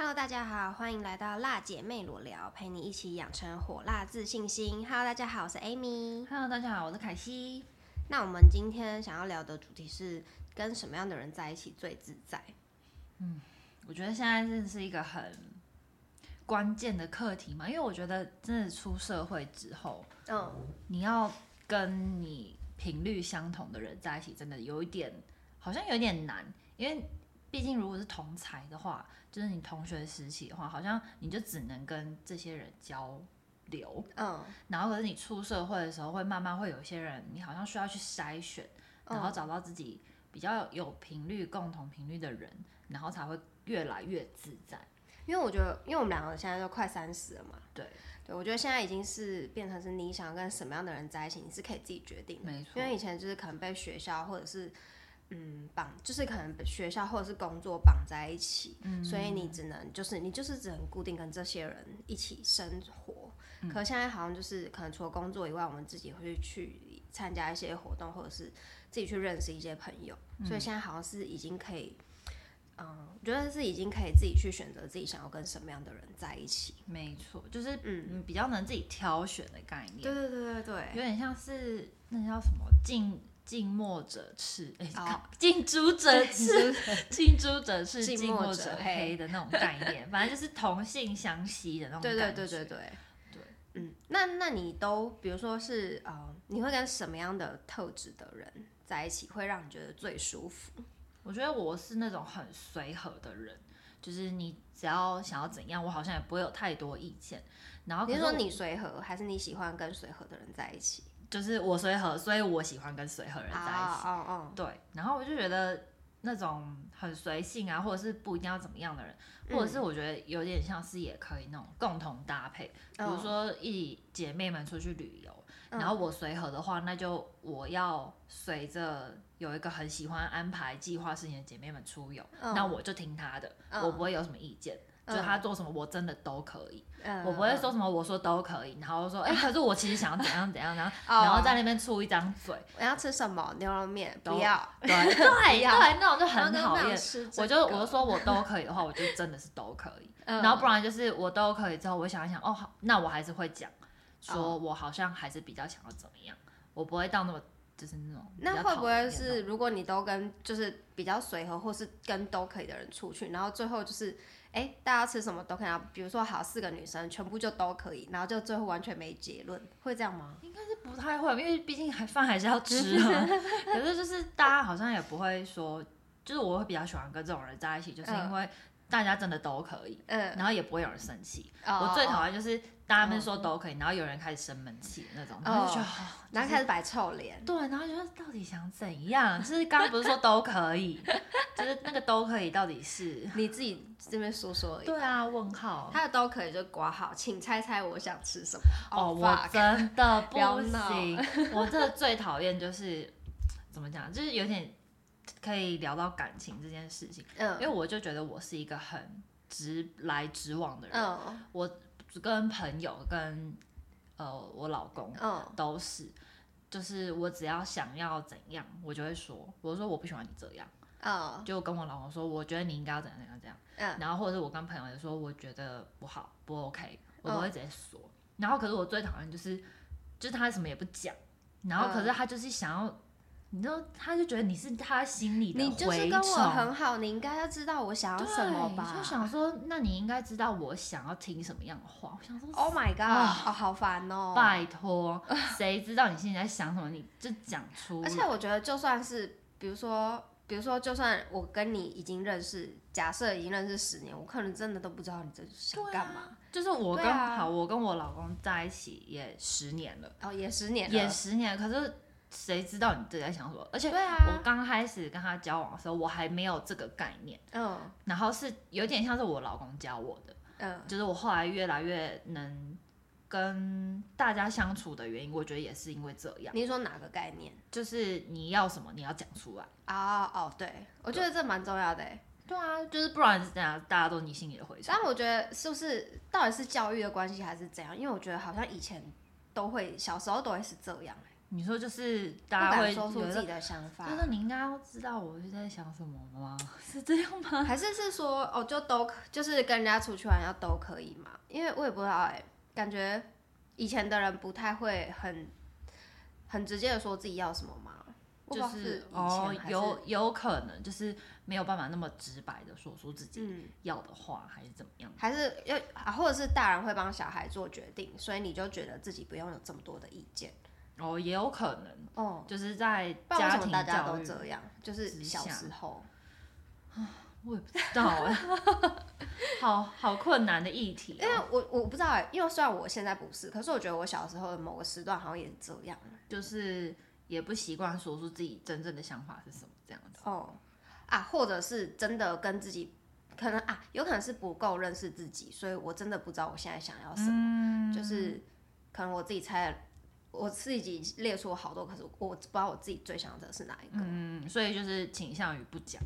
Hello，大家好，歡迎來到辣姐妹裸聊，陪你一起養成火辣自信心。Hello，大家好，我是 Amy。Hello，大家好，我是凱西。那我們今天想要聊的主題是跟什麼樣的人在一起最自在？嗯，我覺得現在真的是一個很關鍵的課題嘛，因為我覺得真的出社會之後，嗯，你要跟你頻率相同的人在一起，真的有一點，好像有一點難，因為。畢竟，如果是同儕的話，就是你同學時期的話，好像你就只能跟這些人交流，嗯，然後可是你出社會的時候，會慢慢會有一些人，你好像需要去篩選，嗯、然後找到自己比較有，有頻率、共同頻率的人，然後才會越來越自在。因為我覺得，因為我們兩個現在都快三十了嘛，對，對，我覺得現在已經是變成是你想要跟什麼樣的人在一起，你是可以自己決定的，沒錯。因為以前就是可能被學校或者是。嗯，綁就是可能學校或者是工作綁在一起，嗯、所以你只能就是你就是只能固定跟這些人一起生活。嗯、可現在好像就是可能除了工作以外，我們自己會去參加一些活動，或者是自己去認識一些朋友。嗯、所以現在好像是已經可以，嗯、呃，我覺得是已經可以自己去選擇自己想要跟什麼樣的人在一起。沒錯，就是嗯比較能自己挑選的概念。嗯、對，對對對對對，有點像是那叫什麼進。近墨者赤，好、欸，近朱、oh. 者赤，近朱 者赤，近墨者，者黑的那種概念， 反正就是同性相吸的那種感覺。 對，對，對，對對對對對對，對嗯，那那你都，比如說是呃，嗯、你會跟什麼樣的特質的人在一起，會讓你覺得最舒服？我覺得我是那種很隨和的人，就是你只要想要怎樣，我好像也不會有太多意見。然後，比如說你隨和，還是你喜歡跟隨和的人在一起？就是我隨和，所以我喜歡跟隨和人在一起。Oh, oh, oh, oh. 對，然後我就覺得那種很隨性啊，或者是不一定要怎麼樣的人，嗯、或者是我覺得有點像是也可以那種共同搭配。比如說一起姐妹們出去旅遊，oh. 然後我隨和的話，那就我要隨着有一個很喜歡安排計劃事情的姐妹們出遊，oh. 那我就聽她的，我不會有什麼意見。就他做什麼，我真的都可以。我不會說什麼，我說都可以，然後就說，哎，可是我其實想要怎樣怎樣，然後然後在那邊出一張嘴。我要吃什麼？牛肉麵，不要。對對對，那種就很討厭。我就我就說我都可以的話，我就真的是都可以。然後不然就是我都可以之後，我想一想，哦好，那我還是會講，說我好像還是比較想要怎麼樣，我不會到那麼就是那種。那會不會是如果你都跟就是比較隨和或是跟都可以的人出去，然後最後就是？哎、欸，大家吃什麼都可以啊，比如說好四個女生全部就都可以，然後就最後完全沒結論，會這樣嗎？應該是不太會，因為畢竟還飯還是要吃、啊。可是 就是大家好像也不會說，就是我會比較喜歡跟這種人在一起，就是因為大家真的都可以，呃、然後也不會有人生氣。哦、我最討厭就是。他們說都可以，然後有人開始生悶氣那種，然後就開始擺臭臉。對，然後就說到底想怎樣？就是剛剛不是說都可以，就是那個都可以到底是你自己這邊說說。對啊，問號，他的都可以就刮號，請猜猜我想吃什麼。哦，我真的不行，我真的最討厭就是怎麼講，就是有點可以聊到感情這件事情。嗯，因為我就覺得我是一個很直來直往的人。嗯，我。跟朋友跟，呃，我老公、oh. 都是，就是我只要想要怎樣，我就會說，我說我不喜歡你這樣，oh. 就跟我老公說，我覺得你應該要怎樣怎樣怎樣，uh. 然後或者是我跟朋友也說，我覺得不好不 OK，我都會直接說，oh. 然後可是我最討厭就是，就是他什麼也不講，然後可是他就是想要。你都，他就覺得你是他心裡的蛔蟲、嗯、你就是跟我很好，你應該要知道我想要什麼吧？就想說，那你應該知道我想要聽什麼樣的話。我想說，Oh my god，好煩、啊、哦！好煩哦，拜託，誰知道你現在想什麼？你就講出。而且我覺得，就算是比如說，比如說，就算我跟你已經認識，假設已經認識十年，我可能真的都不知道你這想幹嘛、啊。就是我剛好，啊、我跟我老公在一起也十年了，哦，也十年了，也十年，可是。誰知道你正在想什麼？而且對啊，我剛開始跟他交往的時候，我還沒有這個概念。嗯，然後是有點像是我老公教我的。嗯，就是我後來越來越能跟大家相處的原因，我覺得也是因為這樣。你說哪個概念？就是你要什麼，你要講出來啊！哦，oh, oh, oh, 對，對我覺得這蠻重要的。對,對啊，就是不然是這樣，大家都你心裡的回想。但我覺得是不是到底是教育的關係，還是怎樣？因為我覺得好像以前都會，小時候都會是這樣。你說就是大家會說出自己的想法，就是你應該要知道我是在想什麼嗎？是這樣嗎？還是是說哦，就都就是跟人家出去玩要都可以嗎？因為我也不知道哎、欸，感覺以前的人不太會很很直接的說自己要什麼嗎？是以前就是哦，是有有可能就是沒有辦法那麼直白的說出自己要的話，嗯、還是怎麼樣？還是要，或者是大人會幫小孩做決定，所以你就覺得自己不用有這麼多的意見。哦，也有可能，哦，就是在家庭大家都這樣，向就是小時候啊、哦，我也不知道， 好好困難的議題、哦，因為我我不知道，因為雖然我現在不是，可是我覺得我小時候的某個時段好像也是這樣，就是也不習慣說出自己真正的想法是什麼這樣子。哦，啊，或者是真的跟自己可能啊，有可能是不夠認識自己，所以我真的不知道我現在想要什麼，嗯、就是可能我自己猜。我自己列出好多，可是我不知道我自己最想的是哪一個，嗯，所以就是傾向於不講，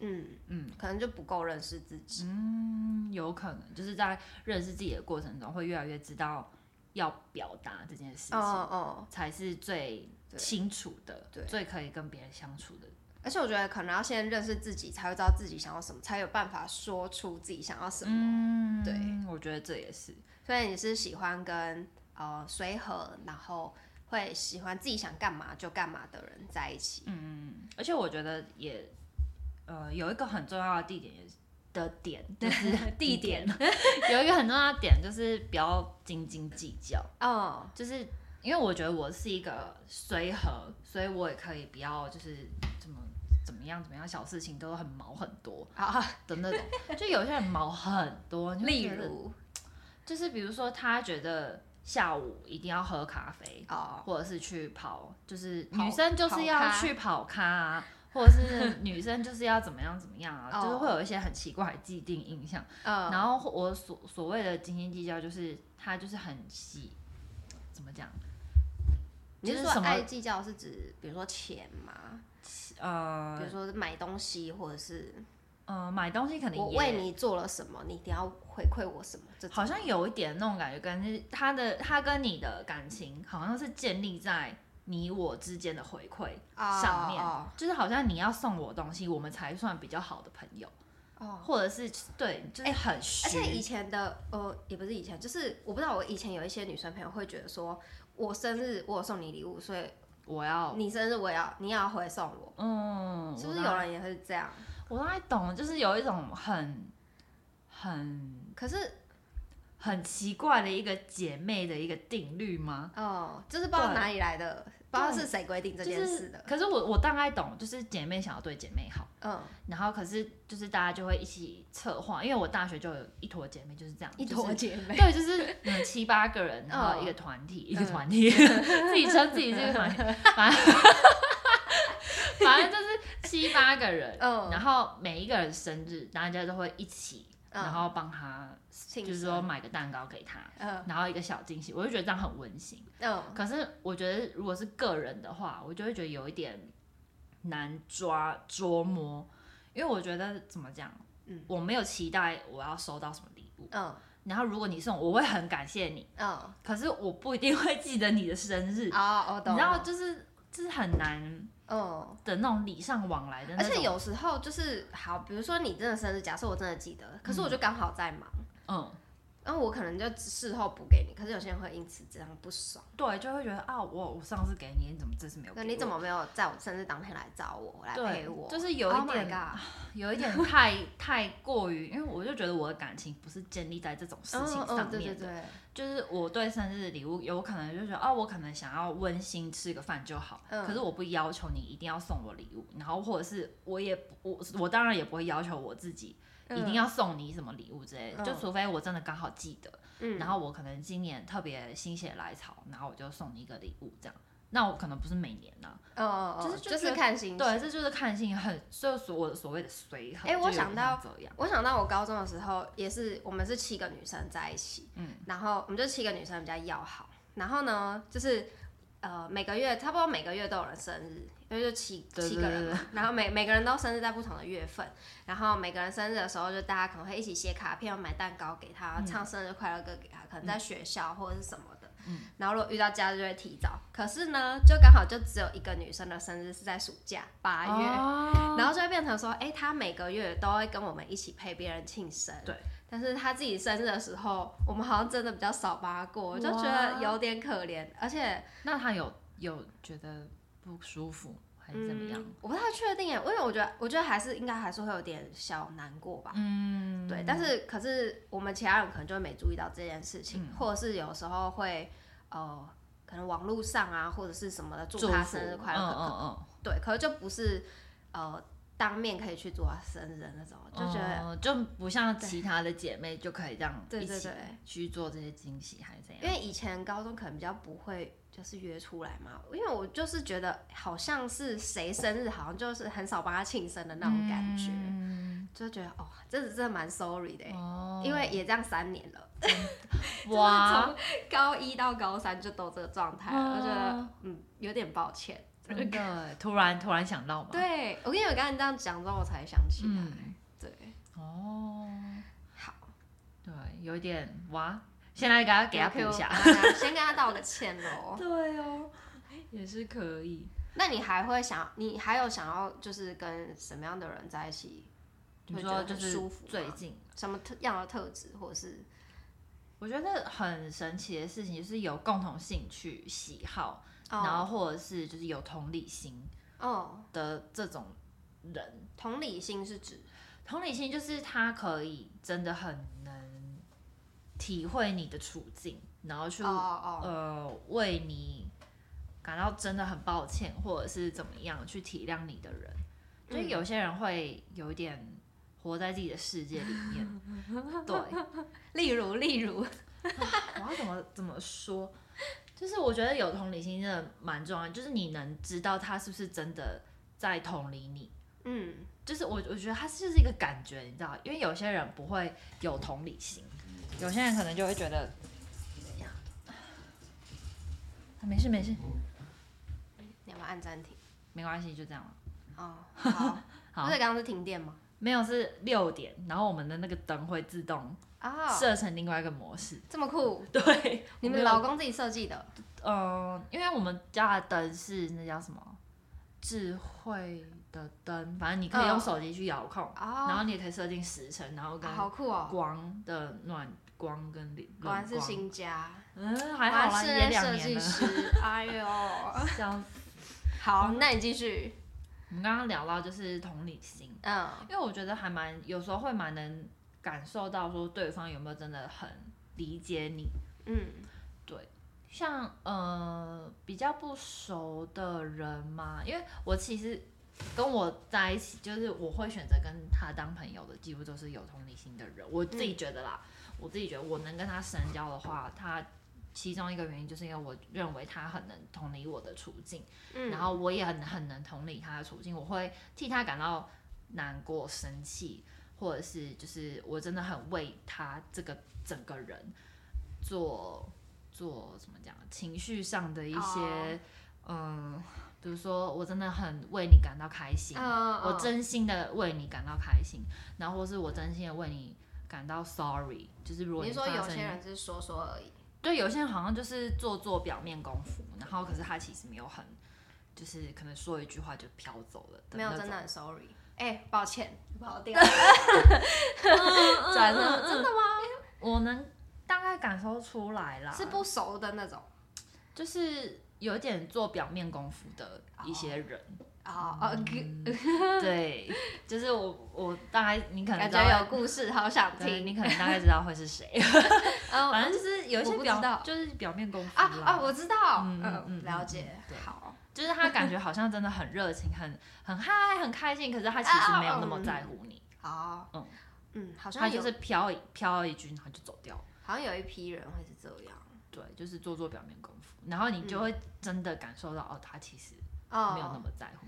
嗯嗯，可能就不夠認識自己，嗯，有可能就是在認識自己的過程中，會越來越知道要表達這件事情，哦，哦，哦，才是最清楚的，對，最可以跟別人相處的。而且我覺得可能要先認識自己，才會知道自己想要什麼，才有辦法說出自己想要什麼。嗯，對，我覺得這也是。所以你是喜歡跟。呃，隨和、uh，然後會喜歡自己想幹嘛就幹嘛的人在一起。嗯，而且我覺得也，呃，有一個很重要的地點也的點，就是地點 有一個很重要的點，就是不要斤斤計較。哦，oh. 就是因為我覺得我是一個隨和，所以我也可以不要就是怎麼怎麼樣怎麼樣，小事情都很毛很多啊的那種。Oh. 就有些人毛很多，例如就是比如說他覺得。下午一定要喝咖啡，oh. 或者是去跑，就是女生就是要去跑咖，啊，跑跑咖或者是女生就是要怎麼樣怎麼樣啊，oh. 就是會有一些很奇怪的既定印象。Oh. 然後我所所謂的斤斤計較，就是他就是很細，怎麼講？你就是說麼愛計較是指比如說錢嘛，呃，比如說是買東西或者是。嗯，買東西肯定我為你做了什麼，你一定要回饋我什麼。這好像有一點那種感覺跟，就是他的，他跟你的感情，好像是建立在你我之間的回饋上面，oh, oh, oh. 就是好像你要送我東西，我們才算比較好的朋友。哦，oh. 或者是對，就是很虛。而且以前的呃，也不是以前，就是我不知道，我以前有一些女生朋友會覺得說，我生日我有送你禮物，所以我要你生日我要你也要回送我。嗯，我要，是不是有人也會這樣？我大概懂，就是有一種很、很，可是很奇怪的一個姐妹的一個定律嗎？哦，就是不知道哪裡來的，對不知道是誰規定這件事的。就是、可是我我大概懂，就是姐妹想要對姐妹好，嗯，然後可是就是大家就會一起策劃，因為我大學就有一坨姐妹就是這樣，一坨姐妹，就是、對，就是、嗯、七八個人，然後一個團體，哦、一個團體，嗯、 自己稱自己這個團體。 來 反正就是七八個人，嗯，oh. 然後每一個人生日，大家都會一起，oh. 然後幫他，就是說買個蛋糕給他，嗯，oh. 然後一個小驚喜，我就覺得這樣很溫馨，嗯。Oh. 可是我覺得如果是個人的話，我就會覺得有一點難抓捉摸，嗯、因為我覺得怎麼講，嗯，我沒有期待我要收到什麼禮物，嗯。Oh. 然後如果你送我，我會很感謝你，嗯。Oh. 可是我不一定會記得你的生日啊，我懂。然後就是就是很難。哦，嗯、的那種禮尚往來的那種，而且有時候就是好，比如說你真的生日，假設我真的記得，可是我就剛好在忙，嗯。嗯那、嗯、我可能就事後補給你，可是有些人會因此這樣不爽，對，就會覺得啊，我我上次給你，你怎麼這次沒有給？給你怎麼沒有在我生日當天來找我來陪我？就是有一點，oh、 有一點太太過於， 因為我就覺得我的感情不是建立在這種事情上面的。嗯嗯、對對對，就是我對生日禮物有可能就覺得啊，我可能想要溫馨吃個飯就好，嗯、可是我不要求你一定要送我禮物，然後或者是我也我我當然也不會要求我自己。一定要送你什麼禮物之類的，嗯、就除非我真的剛好記得，嗯、然後我可能今年特別心血來潮，然後我就送你一個禮物這樣。那我可能不是每年呢、啊，嗯、就是就，就是看心。對，這就是看心很就所我所謂的隨和。哎、欸，我想到我想到我高中的時候也是，我們是七個女生在一起，嗯，然後我們就七個女生比較要好，然後呢就是呃每個月差不多每個月都有人生日。所以就七七個人，對對對然後每每個人都生日在不同的月份，然後每個人生日的時候，就大家可能會一起寫卡片，要買蛋糕給他、嗯、唱生日快樂歌給他。可能在學校或者是什麼的。嗯、然後如果遇到假日，就會提早。可是呢，就剛好就只有一個女生的生日是在暑假八月，哦、然後就會變成說，哎、欸，她每個月都會跟我們一起陪別人慶生。對但是她自己生日的時候，我們好像真的比較少幫她過，就覺得有點可憐。哇而且，那她有有覺得？不舒服還是怎麼樣？嗯、我不太確定哎，因為我覺得，我覺得還是應該還是會有點小難過吧。嗯，對。但是可是我們其他人可能就沒注意到這件事情，嗯、或者是有時候會、呃、可能網絡上啊或者是什麼的，祝他生日快樂福可、嗯。嗯，嗯，對，可是就不是呃當面可以去做他生日的那種，就覺得、嗯、就不像其他的姐妹對就可以這樣，一起去做這些驚喜還是怎樣對對對對？因為以前高中可能比較不會。就是約出來嘛，因為我就是覺得好像是誰生日，好像就是很少幫他慶生的那種感覺，嗯、就覺得哦，這是真的蠻 sorry 的，哦、因為也這樣三年了，哇、嗯、 就是從高一到高三就都這個狀態，哇我覺得嗯有點抱歉。這個突然突然想到嗎？對，我因為我跟你們剛才這樣講之後我才想起來，嗯、對哦好，對有點哇。先來給他 okay, 給他配一下， 先跟他道個歉嘍。 對哦，也是可以。那你還會想，你還有想要就是跟什麼樣的人在一起？你說就是舒服最近什麼樣的特質，或者是我覺得很神奇的事情，就是有共同興趣、喜好，oh. 然後或者是就是有同理心哦的這種人。Oh. Oh. 同理心是指？同理心就是他可以真的很能。體會你的處境，然後去 oh, oh, oh. 呃為你感到真的很抱歉，或者是怎麼樣去體諒你的人，就有些人會有一點活在自己的世界裡面。嗯、對，例如例如，我 要怎麼怎麼說？就是我覺得有同理心真的蠻重要，就是你能知道他是不是真的在同理你。嗯，就是我我覺得他就是一個感覺，你知道，因為有些人不會有同理心。有些人可能就會覺得，沒事沒事，你要不要按暫停？沒關係，就這樣了。哦，好。 好，不是剛剛是停電嗎？沒有，是六點，然後我們的那個燈會自動設成另外一個模式。哦、這麼酷？對，你們老公自己設計的。嗯、呃，因為我們家的燈是那叫什麼智慧的燈，反正你可以用手機去遙控，哦、然後你也可以設定時程，然後跟好酷哦光的暖。啊光跟靈光是新家。嗯，還好啦、啊，兩年設計師，哎呦，這樣死好，嗯、那你繼續。我們剛剛聊到就是同理心，嗯，因為我覺得還蠻，有時候會蠻能感受到說對方有沒有真的很理解你，嗯，對。像呃比較不熟的人嘛，因為我其實跟我在一起，就是我會選擇跟他當朋友的，幾乎都是有同理心的人，我自己覺得啦。嗯我自己覺得，我能跟他深交的話，他其中一個原因就是因為我認為他很能同理我的處境，嗯，然後我也很很能同理他的處境，我會替他感到難過、生氣，或者是就是我真的很為他這個整個人做做怎麼講，情緒上的一些，嗯、哦呃，比如說我真的很為你感到開心，哦哦哦我真心的為你感到開心，然後是我真心的為你。感到 sorry，、嗯、就是如果你說有些人是說說而已，對，有些人好像就是做做表面功夫，然後可是他其實沒有很，就是可能說一句話就飄走了，沒有，真的很 sorry，哎、欸，抱歉，跑掉了，轉了， 真的，真的嗎？ 我能大概感受出來了，是不熟的那種，就是有一點做表面功夫的一些人。Oh. 啊哦，對，就是我我大概你可能感覺有故事，好想聽。你可能大概知道會是誰？反正就是有一些表，就是表面功夫啊啊，我知道，嗯嗯，了解。好，就是他感覺好像真的很熱情，很很嗨，很開心，可是他其實沒有那麼在乎你。好，嗯嗯，好像他就是飄一飄一句，然後就走掉了。好像有一批人會是這樣，對，就是做做表面功夫，然後你就會真的感受到哦，他其實。Oh, 沒有那麼在乎，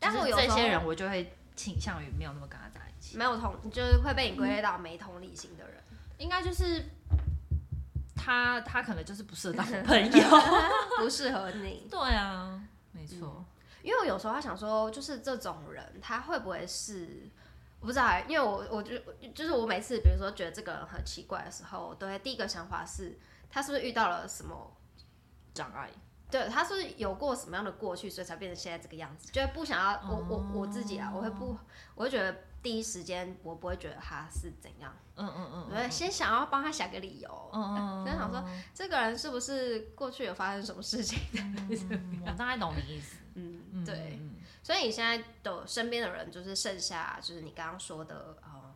但是有這些人我就會傾向於沒有那麼跟他在一起，沒有同就是會被你歸類到沒同理心的人，嗯、應該就是他他可能就是不適合當朋友， 不適合你。 對啊，沒錯、嗯，因為我有時候他想說，就是這種人他會不會是我不知道，因為我我就就是我每次比如說覺得這個人很奇怪的時候，我都會第一個想法是他是不是遇到了什麼障礙。對，他是，是有過什麼樣的過去，所以才變成現在這個樣子。就不想要我我我自己啊，嗯、我會不，我會覺得第一時間我不會覺得他是怎樣。嗯嗯嗯。我、嗯嗯嗯、先想要幫他想個理由。嗯嗯、啊、想說嗯這個人是不是過去有發生什麼事情的。嗯、我大概懂你意思。嗯，對。嗯、所以你現在的身邊的人，就是剩下就是你剛剛說的、呃、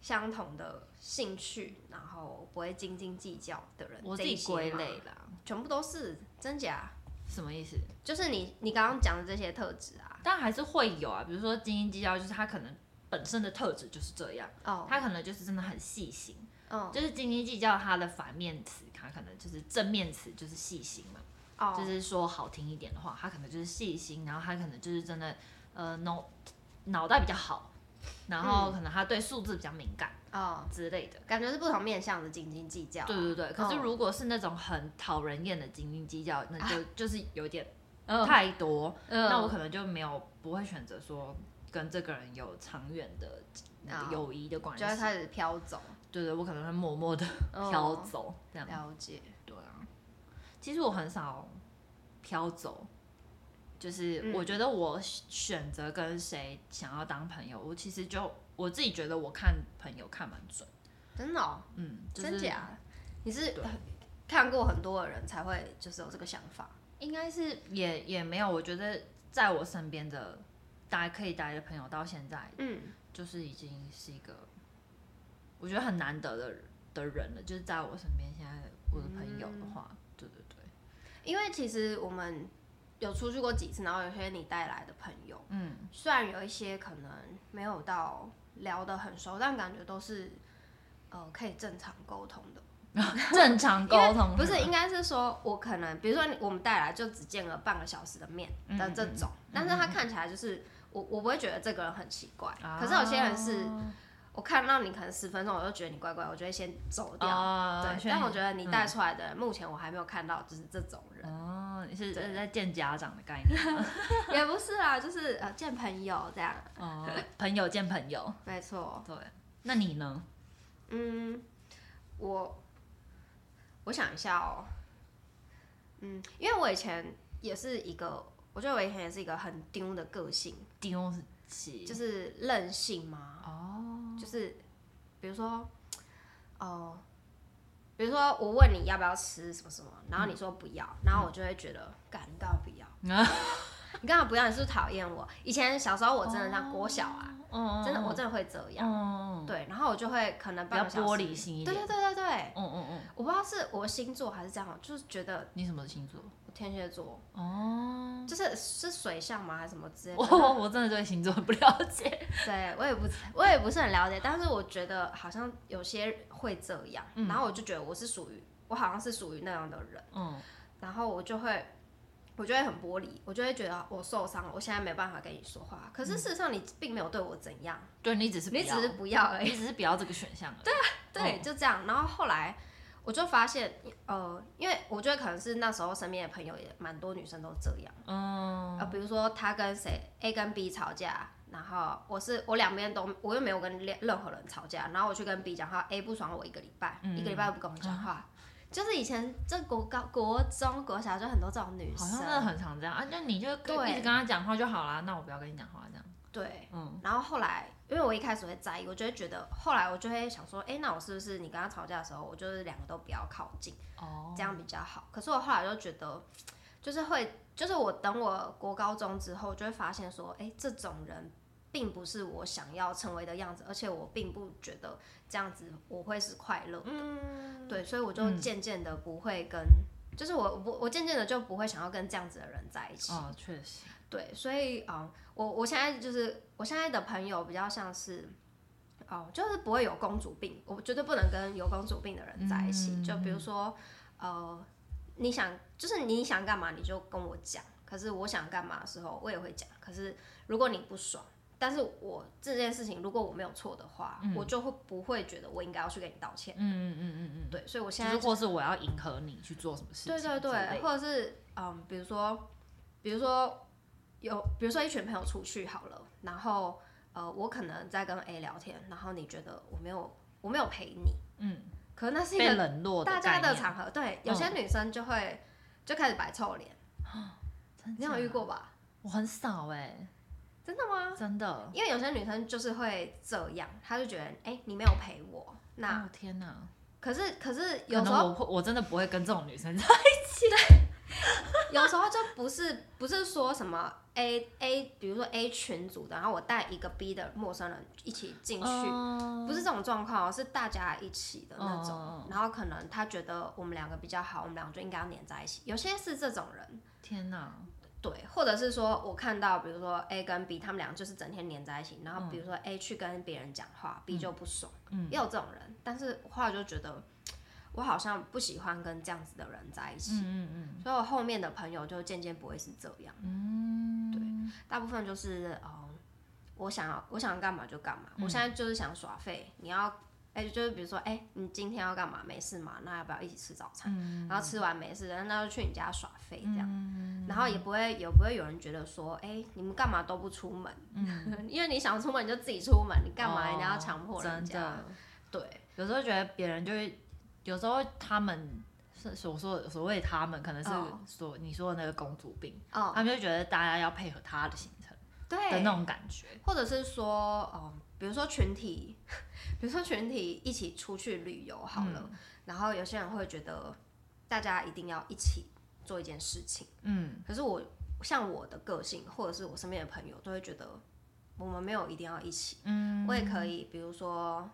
相同的興趣，然後不會斤斤計較的人，我自己歸類啦，嗎全部都是。真假？什麼意思？就是你你剛剛講的這些特質啊，但還是會有啊，比如說斤斤計較，就是他可能本身的特質就是這樣，哦，他可能就是真的很細心，oh. 就是斤斤計較他的反面詞，他可能就是正面詞就是細心嘛，哦，oh. 就是說好聽一點的話，他可能就是細心，然後他可能就是真的，呃腦腦袋比較好。然後可能他對數字比較敏感哦，之類的、嗯哦，感覺是不同面向的斤斤計較。啊，對對對，可是如果是那種很討人厭的斤斤計較，那就、啊、就，就是有點、呃、太多，呃呃、那我可能就沒有不會選擇說跟這個人有長遠的後友誼的關係，就會開始飄走。對對，我可能會默默的飄走、哦、這樣。了解，對啊。其實我很少飄走。就是我覺得我選擇跟誰想要當朋友，嗯、我其實就我自己覺得我看朋友看蠻準的，真的，嗯，就是、真假？對你是看過很多的人才會就是有這個想法？應該是也也沒有，我覺得在我身邊的待可以待的朋友到現在，嗯、就是已經是一個我覺得很難得的的人了，就是在我身邊現在我的朋友的話，嗯、對對對，因為其實我們。有出去過幾次，然後有些你帶來的朋友，嗯，雖然有一些可能沒有到聊得很熟，但感覺都是呃可以正常溝通的， 正常溝通不是應該是說，我可能比如說我們帶來就只見了半個小時的面的這種，嗯嗯嗯嗯，但是他看起來就是我我不會覺得這個人很奇怪，哦，可是有些人是我看到你可能十分鐘我就覺得你怪怪，我就會先走掉，哦、對。全但我覺得你帶出來的，嗯、目前我還沒有看到就是這種。哦，你是在見家長的概念，對 也不是啦，就是呃見朋友這樣。哦，對朋友見朋友，沒錯錯，對。那你呢？嗯，我我想一下哦。嗯，因為我以前也是一個，我覺得我以前也是一個很丟的個性，丟起就是任性嘛。哦，就是比如說哦。呃比如說，我問你要不要吃什麼什麼，然後你說不要，嗯、然後我就會覺得感到不要。嗯對 你幹嘛不要？你是不是討厭我？以前小時候我真的像國小啊，oh, oh 真的，我真的會這樣。Oh, oh, oh. 對，然後我就會可能比較玻璃心一點對。對對對對對。Okay? Oh, oh, oh. 我不知道是我星座還是這樣，就是覺得。你什麼星座？天蠍座。哦。就是是水象嗎？還是什麼之類的？我真的對星座不了解。對，我也不，我也不是很了解。但是我覺得好像有些會這樣，然後我就覺得我是屬於，我好像是屬於那樣的人。然後我就會。我就會很玻璃，我就會覺得我受傷了，我現在沒辦法跟你說話。可是事實上你並沒有對我怎樣，對你只是你只是不要，你只是不要欸、你只是不要這個選項。對啊，對，哦、就這樣。然後後來我就發現，呃，因為我覺得可能是那時候身邊的朋友也蠻多女生都這樣。嗯、哦呃，比如說他跟誰 A 跟 B 吵架，然後我是我兩邊都我又沒有跟任何人吵架，然後我去跟 B 講話，A 不爽我一個禮拜，嗯、一個禮拜不跟我講話。啊就是以前這國高、國中、國小就很多這種女生，好像真的很常這樣啊！就你就一直跟他講話就好啦，對那我不要跟你講話這樣。對，嗯。然後後來，因為我一開始會在意，我就會覺得，後來我就會想說，哎、欸，那我是不是你跟他吵架的時候，我就是兩個都不要靠近，哦。Oh. 這樣比較好。可是我後來就覺得，就是會，就是我等我國高中之後，就會發現說，哎、欸，這種人。並不是我想要成為的樣子，而且我並不覺得這樣子我會是快樂的。嗯、對，所以我就漸漸的不會跟，嗯、就是我我我漸漸的就不會想要跟這樣子的人在一起。哦，確實。對，所以啊、嗯，我我現在就是我現在的朋友比較像是，哦、嗯，就是不會有公主病，我絕對不能跟有公主病的人在一起。嗯、就比如說，呃，你想就是你想幹嘛你就跟我講，可是我想幹嘛的時候我也會講，可是如果你不爽。但是我這件事情，如果我沒有錯的話，嗯、我就會不會覺得我應該要去給你道歉。嗯。嗯嗯嗯嗯嗯。嗯，對，所以我現在，如果是我要迎合你去做什麼事情。對對對，或者是嗯，比如說，比如說有，比如說一群朋友出去好了，然後呃，我可能在跟 A 聊天，然後你覺得我沒有我沒有陪你，嗯，可能那是一個冷落大家的場合。對，有些女生就會就開始擺臭臉。嗯、你有遇過吧？我很少哎、欸。真的嗎？真的，因為有些女生就是會這樣，她就覺得哎、欸，你沒有陪我。那、哦、天哪，可是可是有時候我，我真的不會跟這種女生在一起的。 有時候就不是不是說什麼 A A，比如說 A 群組的，然後我帶一個 B 的陌生人一起進去，哦、不是這種狀況，是大家一起的那種。哦、然後可能她覺得我們兩個比較好，我們兩個就應該要黏在一起。有些是這種人。天哪。對，或者是說，我看到，比如說 A 跟 B，他們倆就是整天黏在一起，然後比如說 A 去跟別人講話，嗯，B 就不爽，也有這種人，但是我後來就覺得，我好像不喜歡跟這樣子的人在一起，嗯嗯嗯，所以我後面的朋友就漸漸不會是這樣，嗯，對，大部分就是，呃，我想要我想要幹嘛就幹嘛，我現在就是想耍廢，你要。哎，就是比如說，哎，你今天要幹嘛？沒事嘛，那要不要一起吃早餐？嗯、然後吃完沒事，那那就去你家耍廢這樣。嗯、然後也不會有不會有人覺得說，哎，你們幹嘛都不出門？嗯、因為你想出門你就自己出門，你幹嘛人家要強迫人家？哦、真的對，有時候覺得別人就會，有時候他們所說所謂他們，可能是所你說的那個公主病，哦、他們就覺得大家要配合他的行程，對的那種感覺，或者是說，哦。比如說群體，比如說群體一起出去旅遊好了，嗯，然後有些人會覺得大家一定要一起做一件事情，嗯，可是我像我的個性或者是我身邊的朋友都會覺得我們沒有一定要一起，嗯，我也可以，比如說。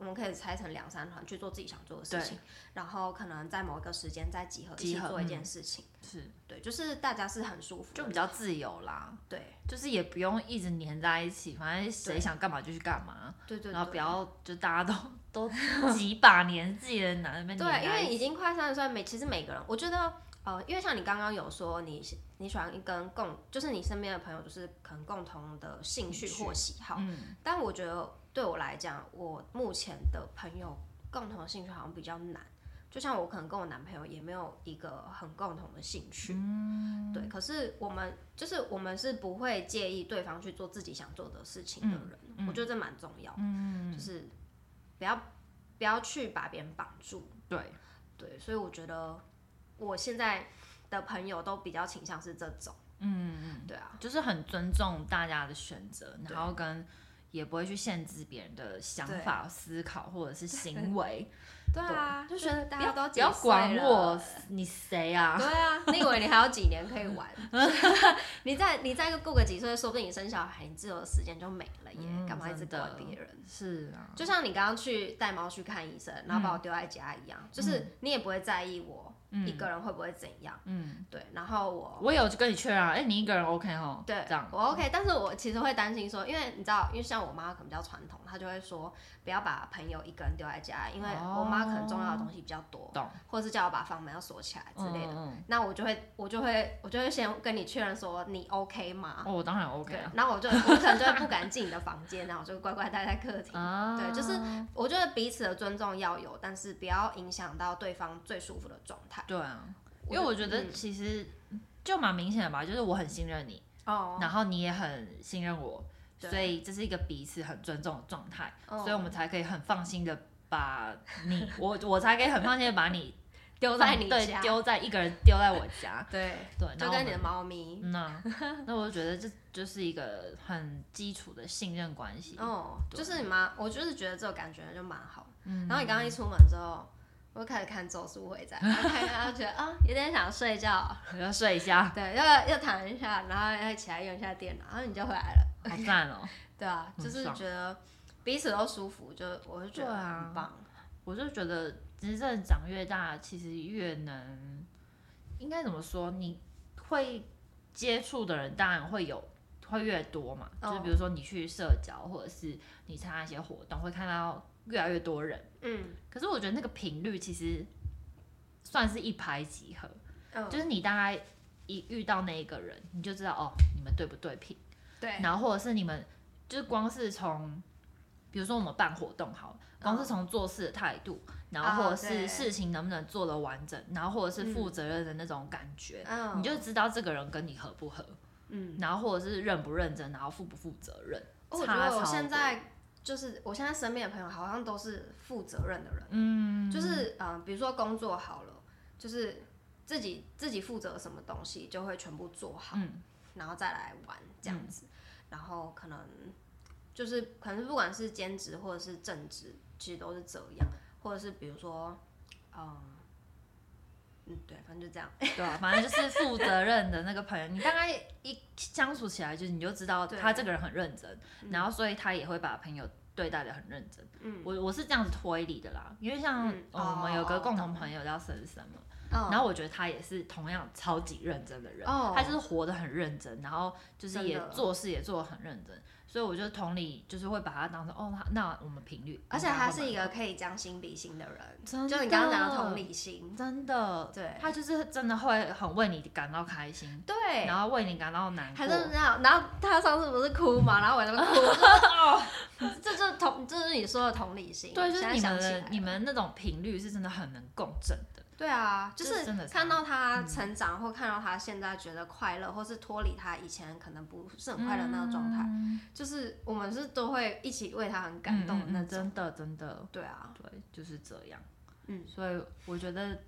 我們可以拆成兩三團去做自己想做的事情，對然後可能在某一個時間再集合一起做一件事情。嗯、是，對，就是大家是很舒服，就比較自由啦。對，就是也不用一直黏在一起，對反正誰想幹嘛就去幹嘛。對對，對對。然後不要就大家都都 幾把年紀黏自己的男人邊。對，因為已經快三十歲，每其實每個人，我覺得，呃，因為像你剛剛有說，你你喜歡一跟共，就是你身邊的朋友，就是可能共同的興趣或喜確好。嗯、但我覺得。對我來講，我目前的朋友共同的興趣好像比較難，就像我可能跟我男朋友也沒有一個很共同的興趣，嗯、對。可是我們就是我們是不會介意對方去做自己想做的事情的人，嗯、我覺得這蠻重要的，嗯、就是不要不要去把別人綁住。嗯、對對，所以我覺得我現在的朋友都比較傾向是這種，嗯，對啊，就是很尊重大家的選擇，對然後跟也不會去限制別人的想法、思考或者是行為。對啊，就覺得大家都不要管我，你誰啊？對啊，你以為你還有幾年可以玩？你再你再過個幾歲，說不定你生小孩，你自由的時間就沒了耶！幹嘛一直管別人？是啊，就像你剛剛去帶貓去看醫生，然後把我丟在家一樣，就是你也不會在意我。一個人會不會怎樣？嗯，對。然後我我有就跟你確認、啊，哎、欸，你一個人 OK 哦。對，這樣我 OK，但是我其實會擔心說，因為你知道，因為像我媽可能比較傳統，她就會說不要把朋友一個人丟在家，因為我媽可能重要的東西比較多，哦、懂，或者是叫我把房門要鎖起來之類的。嗯、那我就會我就會我就會先跟你確認說你 OK 嗎？哦，我當然 OK 啊。然後我就我就可能就會不敢進你的房間， 然後我就乖乖待在客廳。哦、對，就是我覺得彼此的尊重要有，但是不要影響到對方最舒服的狀態。對啊，因為我覺得其實就蠻明顯的吧，就是我很信任你，哦，然後你也很信任我，所以這是一個彼此很尊重的狀態，所以我們才可以很放心的把你，我我才可以很放心的把你丟在你家，丟在一個人丟在我家，對對，就跟你的貓咪，那那我就覺得這就是一個很基礎的信任關係，哦，就是你媽，我就是覺得這種感覺就蠻好，嗯，然後你剛剛一出門之後，我開始看《咒術迴戰》，後看一下覺得啊、 哦，有點想要睡覺，我 睡一下。對，又又躺一下，然後要起來用一下電腦，然後你就回來了，好讚哦！ 對啊，爽就是覺得彼此都舒服，我就我就覺得很棒。啊、我就覺得，其實真的長越大，其實越能，應該怎麼說？你會接觸的人當然會有，會越多嘛。哦、就是比如說你去社交，或者是你參加一些活動，會看到越來越多人。嗯，可是我覺得那個頻率其實算是一拍即合，oh. 就是你大概一遇到那一個人，你就知道哦，你們對不對頻？對，然後或者是你們就是光是從，比如說我們辦活動好，oh. 光是從做事的態度，然後或者是事情能不能做得完整，oh, 對然後或者是負責任的那種感覺，嗯 oh. 你就知道這個人跟你合不合？嗯，然後或者是認不認真，然後負不負責任，插我覺得我現在。就是我現在身邊的朋友好像都是負責任的人，就是啊、呃，比如說工作好了，就是自己自己負責什麼東西就會全部做好，然後再來玩這樣子，然後可能就是可能不管是兼職或者是正職，其實都是這樣，或者是比如說嗯、呃。對，反正就這樣， 對、啊、反正就是負責任的那個朋友， 你大概一相處起來，就是你就知道他這個人很認真，對然後所以他也會把朋友對待得很認真。嗯、我我是這樣子推理的啦，因為像、嗯哦哦、我們有個共同朋友叫深深嘛，哦、然後我覺得他也是同樣超級認真的人，哦、他就是活得很認真，然後就是也做事也做得很認真。真所以我就同理，就是會把他當成哦，那我們頻率，而且他是一個可以將心比心的人，真的就你剛剛講的同理心，真的，對，他就是真的會很為你感到開心，對，然後為你感到難他還是那，然後他上次不是哭嘛，然後我就哭，哦， 這是同，這是你說的同理心，對，就是你們的想你們的那種頻率是真的很能共振的。對啊，就是看到他成長，長或看到他現在覺得快樂，嗯、或是脫離他以前可能不是很快樂那個狀態，嗯、就是我們是都會一起為他很感動，那嗯嗯嗯。真的真的。對啊。對，就是這樣。嗯，所以我覺得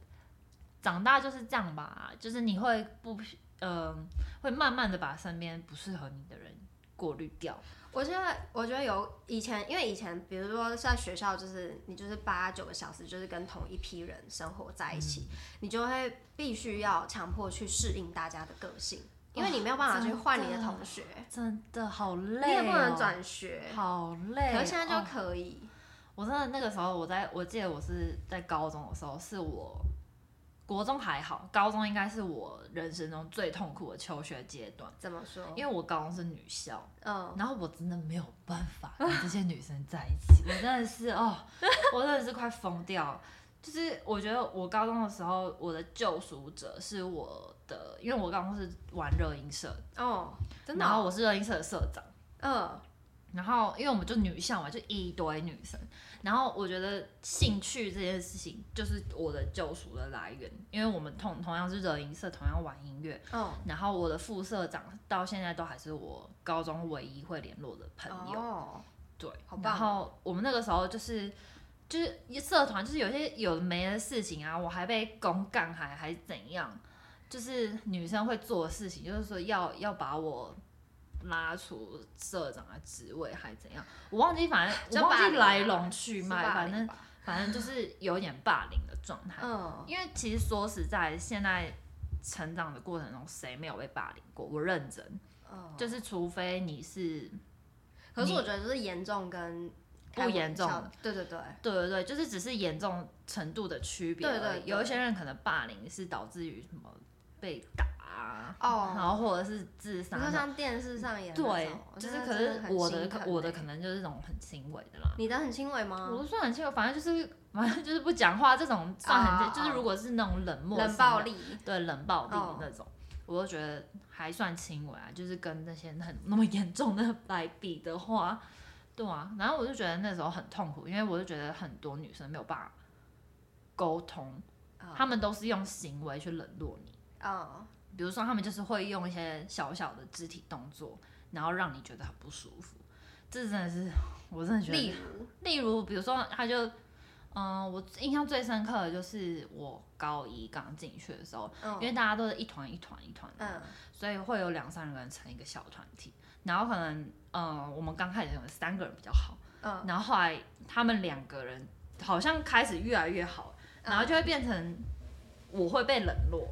長大就是這樣吧，就是你會不，嗯、呃，會慢慢的把身邊不適合你的人過濾掉。我現在我覺得有以前，因為以前比如說在學校，就是你就是八九個小時，就是跟同一批人生活在一起，嗯、你就會必須要強迫去適應大家的個性，嗯、因為你沒有辦法去換你的同學，哦、真的，真的好累、哦、好累，你也不能轉學，好累。可是現在就可以、哦，我真的那個時候我在我記得我是在高中的時候，是我。國中還好，高中應該是我人生中最痛苦的求學階段。怎麼說？因為我高中是女校，嗯，oh. 然後我真的沒有辦法跟這些女生在一起， 我真的是哦，oh, 我真的是快瘋掉了。就是我覺得我高中的時候，我的救贖者是我的，因為我高中是玩熱音社的哦，oh, 真的，然後我是熱音社的社長，嗯。Oh. 然後，因為我們就女校嘛，就一堆女生。然後我覺得興趣這件事情就是我的救贖的來源，因為我們同同樣是熱音社，同樣玩音樂。哦。然後我的副社長到現在都還是我高中唯一會聯絡的朋友。哦。對，好棒。然後我們那個時候就是就是社團，就是有些有沒的事情啊，我還被公幹還還怎樣，就是女生會做的事情，就是說要要把我。拉出社長的職位還是怎樣，我忘記，反正、啊、我忘記來龍去脈，反正反正就是有點霸凌的狀態。嗯，因為其實說實在，現在成長的過程中，誰沒有被霸凌過？我認真，嗯、就是除非你是，可是我覺得就是嚴重跟不嚴重，對對對，對對對，就是只是嚴重程度的區別。對，對對，有一些人可能霸凌是導致於什麼？被打，哦，oh. 然後或者是自殺，就像電視上演那種，對，就是可是我的我的可能就是這種很輕微的啦。你的很輕微嗎？我都算很輕微，反正就是反正就是不講話這種算很、oh. 就是如果是那種冷漠冷暴力，對冷暴力的那種，oh. 我都覺得還算輕微啊。就是跟那些很那麼嚴重的來比的話，對啊。然後我就覺得那時候很痛苦，因為我就覺得很多女生沒有辦法溝通，他、oh. 們都是用行為去冷落你。Oh. 比如說他們就是會用一些小小的肢體動作，然後讓你覺得很不舒服。這真的是我真的覺得，例如例如比如說他就，嗯、呃，我印象最深刻的，就是我高一剛進去的時候，oh. 因為大家都是一團一團一團的，oh. 所以會有兩三個人成一個小團體，然後可能，嗯、呃，我們剛開始有三個人比較好，嗯，oh. 然後後來他們兩個人好像開始越來越好，然後就會變成我會被冷落。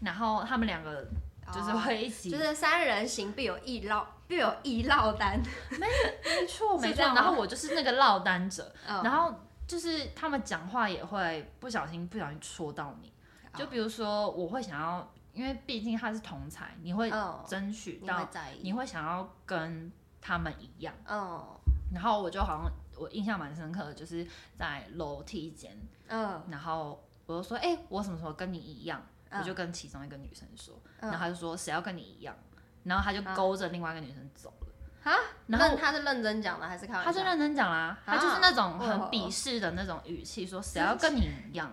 然後他們兩個就是會一起，oh, 就是三人行必有一落，必有一落單 沒，沒錯沒錯。吧然後我就是那個落單者，oh. 然後就是他們講話也會不小心不小心戳到你，就比如說我會想要，oh. 因為畢竟他是同才，你會爭取到，oh. 你會在意。你會想要跟他們一樣，嗯。Oh. 然後我就好像我印象蠻深刻的，就是在樓梯間，嗯，oh. 然後我就說，哎，我什麼時候跟你一樣？我就跟其中一個女生說，然後她就說誰要跟你一樣，然後她就勾着另外一個女生走了。啊？然後她是認真講的還是開玩笑？她是認真講啦，她就是那種很鄙視的那種語氣，說誰要跟你一樣，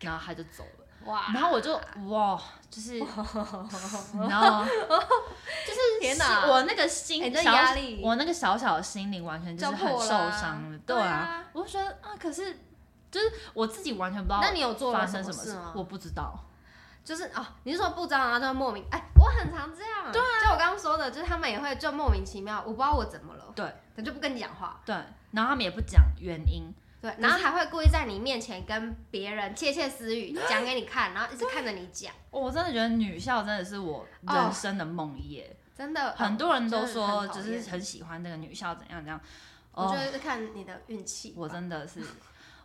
然後她就走了。哇！然後我就哇，就是，然後就是天哪，我那個心小，我那個小小的心靈完全就是很受傷了。對啊，我就覺得啊，可是就是我自己完全不知道，那你有做發生什麼事？我不知道。就是哦，你是說不招啊，然後就會莫名哎、欸，我很常這樣，對，啊，就我剛剛說的，就是他們也會就莫名其妙，我不知道我怎麼了，對，他就不跟你講話，對，然後他們也不講原因，對，是然後還會故意在你面前跟別人竊竊私語，講對給你看，然後一直看着你講。我真的覺得女校真的是我人生的夢魘，哦，真的，很多人都說就是，就是很喜歡那個女校怎樣怎樣，哦，我覺得是看你的運氣，我真的是，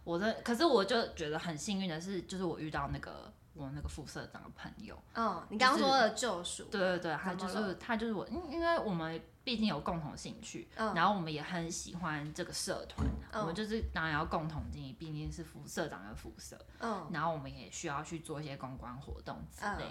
我的，可是我就覺得很幸運的是，就是我遇到那個。我那個副社長的朋友，嗯、oh, 就是，你剛剛說的救贖，對對對，他就是他就是我，因因為我們畢竟有共同興趣，oh. 然後我們也很喜歡這個社團，oh. 我們就是當然要共同經營，畢竟是副社長跟副社，oh. 然後我們也需要去做一些公關活動之類，oh.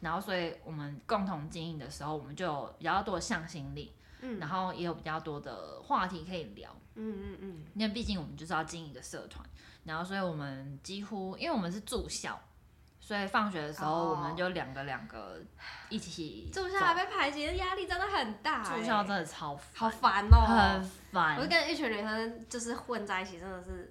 然後所以我們共同經營的時候，我們就有比較多的向心力，嗯、然後也有比較多的話題可以聊，嗯嗯嗯，因為畢竟我們就是要經營一個社團，然後所以我們幾乎，因為我們是住校。所以放學的時候，oh. 我們就兩個兩個一起住校，還被排擠，壓力真的很大、欸。住校真的超好煩哦、喔，很煩煩。我跟一群女生就是混在一起，真的是，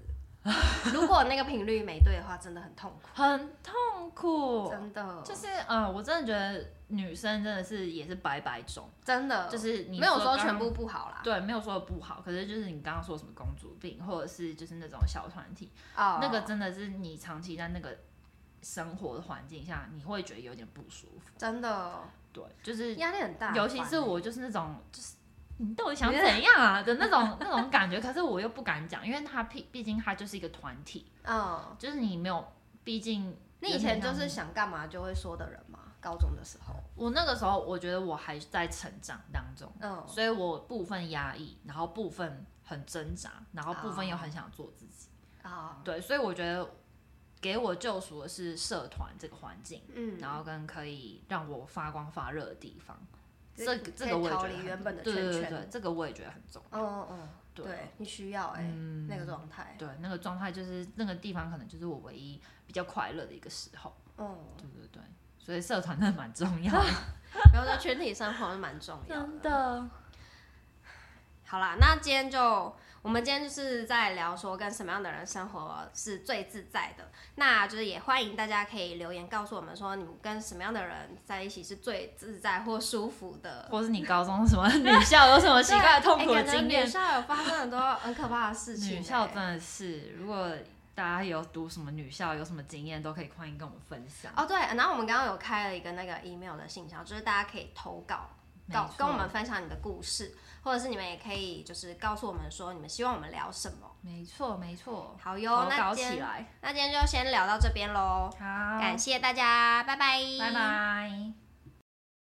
如果那個頻率沒對的話，真的很痛苦，很痛苦。真的就是，嗯、呃，我真的覺得女生真的是也是百百種，真的就是你剛剛沒有說全部不好啦，對，沒有說不好。可是就是你剛剛說什麼公主病，或者是就是那種小團體、oh. 那個真的是你長期在那個。生活的環境下，你會覺得有點不舒服，真的。對，就是壓力很大，尤其是我就是那種惱就是你到底想怎樣啊的那種 那種感覺，可是我又不敢講，因為他畢畢竟他就是一個團體，嗯，oh, 就是你沒有，畢竟你以前就是想幹嘛就會說的人嘛。高中的時候，我那個時候我覺得我還在成長當中，嗯，oh. 所以我部分壓抑，然後部分很掙扎，然後部分又很想做自己 oh. Oh. 對，所以我覺得。給我救贖的是社團這個環境，嗯，然後跟可以讓我發光發熱的地方，這這個我也覺得，對，對對對，這個我也覺得很重要。哦，哦哦，對，對你需要哎、欸，嗯、那個狀態，對，那個狀態就是那個地方，可能就是我唯一比較快樂的一個時候，嗯、哦，對對對，所以社團真的蠻重要的，然後說群體生活蠻重要的，真的。好啦，那今天就。我們今天就是在聊說跟什麼樣的人生活是最自在的，那就是也歡迎大家可以留言告訴我們說你跟什麼樣的人在一起是最自在或舒服的，或是你高中什麼 女校有什麼奇怪 對痛苦的經驗？欸，女校有發生很多很可怕的事情、欸。女校真的是，如果大家有讀什麼女校有什麼經驗，都可以歡迎跟我們分享哦。對，然後我們剛剛有開了一個那個 email 的信箱，就是大家可以投稿。跟我們分享你的故事，沒錯，或者是你們也可以就是告訴我們說你們希望我們聊什麼。沒錯，沒錯。好喲，那今天那今天就先聊到這邊嘍。好，感謝大家，拜拜，拜拜。